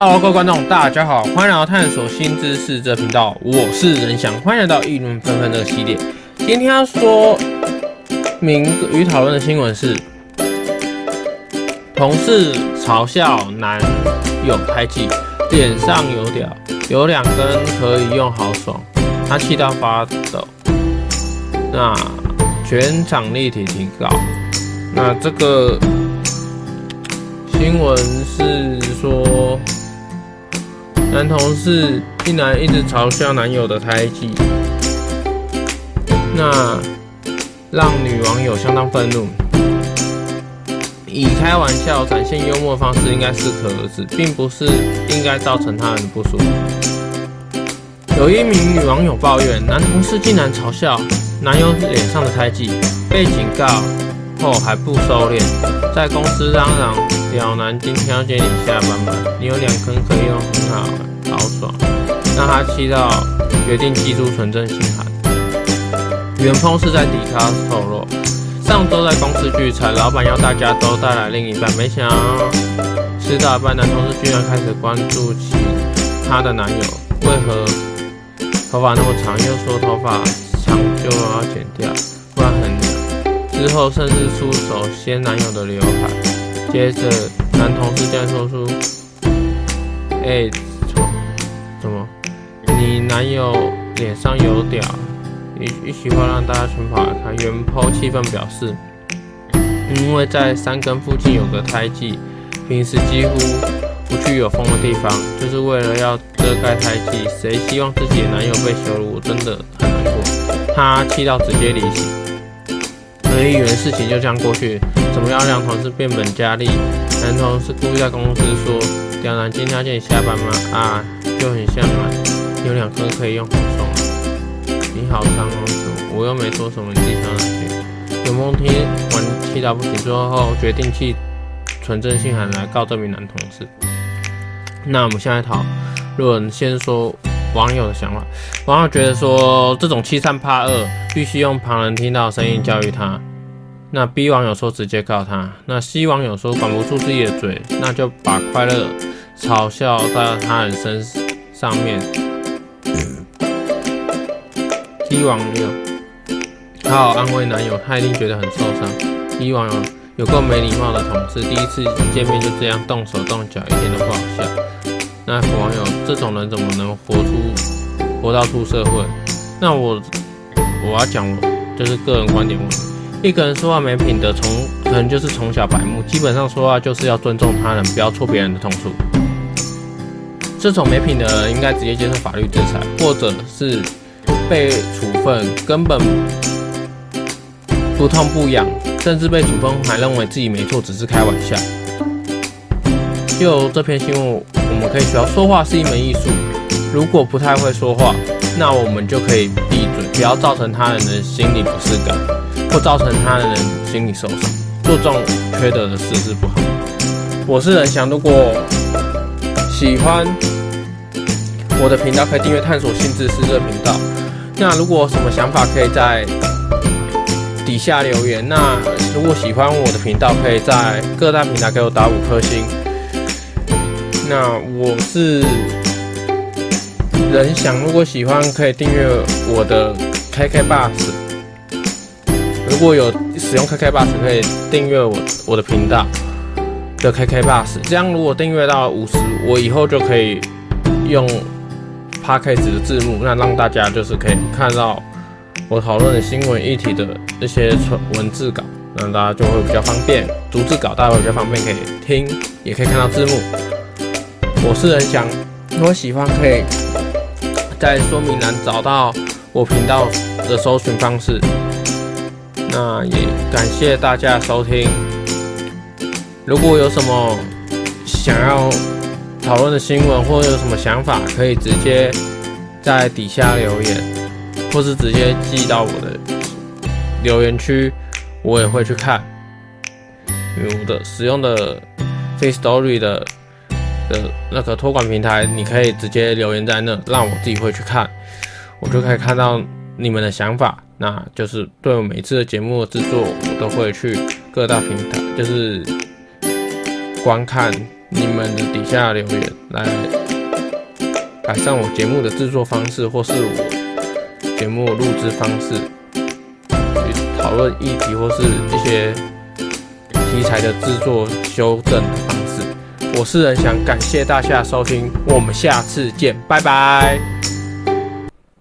Hello，各位觀眾，大家好，歡迎來到探索新知識這頻道，我是仁翔，歡迎來到議論紛紛這個系列。今天要說明與討論的新聞是，同事嘲笑男友胎記，臉上有屌有兩根可以用好爽，他氣到發抖。那全場立體警告。那這個新聞是說。男同事竟然一直嘲笑男友的胎記，那讓女網友相當憤怒。以開玩笑展現幽默的方式應該適可而止，並不是應該造成他人的不爽。有一名女網友抱怨，男同事竟然嘲笑男友臉上的胎記，被警告。後、哦、還不收斂，在公司嚷嚷。老男今天要接你下班吧，你有兩坑可以用，很好，好爽。讓他氣到決定寄出存證信函。原 PO 是在 Dcard 透露，上週在公司聚餐，老闆要大家都帶來另一半，沒想吃到四大班男同事居然開始關注起他的男友，為何頭髮那麼長？又說頭髮長就要剪掉，不然很。之後甚至出手掀男友的劉海，接着男同事這樣說出：“哎、欸，錯，怎麼？你男友臉上有屌？你一席話讓大家全跑來看。”原 po 氣憤表示：“因為在山根附近有個胎記，平時幾乎不去有風的地方，就是為了要遮蓋胎記。誰希望自己的男友被羞辱？我真的很難過。”他氣到直接離席。所以以為事情就這樣過去，怎麼樣讓同事變本加厲？男同事故意在公司說：“刁男，今天要接你下班嗎？”啊，就很像啊，有兩顆可以用紅繩啊。你好，張公主，我又沒說什麼，你自己想哪去？劉夢聽完氣到不起之後決定去傳真信函來告這名男同事。那我們現在討論，如果先說。網友的想法，網友覺得說這種欺善怕惡，必須用旁人聽到的聲音教育他。那 B 網友說直接告他，那 C 網友說管不住自己的嘴，那就把快樂嘲笑到他人身上面。D 網友，好好安慰男友，他一定覺得很受傷。D 網友有個沒禮貌的同事，第一次見面就這樣動手動腳，一點都不好笑。那網友這種人怎麼能活出活到出社會？那我我要講，就是個人觀點問題。一個人說話沒品的，從可能就是從小白目，基本上說話就是要尊重他人，不要戳別人的痛處。這種沒品的人應該直接接受法律制裁，或者是被處分，根本不痛不癢，甚至被處分還認為自己沒錯，只是開玩笑。就這篇新聞，我們可以學到說話是一門藝術。如果不太會說話，那我們就可以閉嘴，不要造成他人的心理不適感，或造成他人的心理受傷。做這種缺德的事是不好。我是仁翔，如果喜歡我的頻道，可以訂閱探索新知識這個頻道。那如果有什麼想法，可以在底下留言。那如果喜歡我的頻道，可以在各大平台給我打五顆星。那我是仁翔，如果喜歡可以訂閱我的 KKBOX。如果有使用 KKBOX，可以訂閱我我的頻道的 KKBOX。這樣如果訂閱到五十，我以後就可以用 package 的字幕，那讓大家就是可以看到我討論的新聞議題的那些文字稿，那大家就會比較方便，逐字稿大家會比較方便可以聽，也可以看到字幕。我是仁翔，如果喜歡，可以在說明欄找到我頻道的搜尋方式。那也感謝大家收聽。如果有什麼想要討論的新聞，或者有什麼想法，可以直接在底下留言，或是直接寄到我的留言區，我也會去看。有的使用的 Firstory 的。的那個托管平台，你可以直接留言在那，讓我自己會去看，我就可以看到你們的想法。那就是對我每次的節目製作，我都會去各大平台，就是觀看你們的底下的留言，來改善我節目的制作方式，或是我節目錄製方式，去討論議題或是一些題材的制作修正。我是任想，感謝大家收聽，我們下次見，拜拜。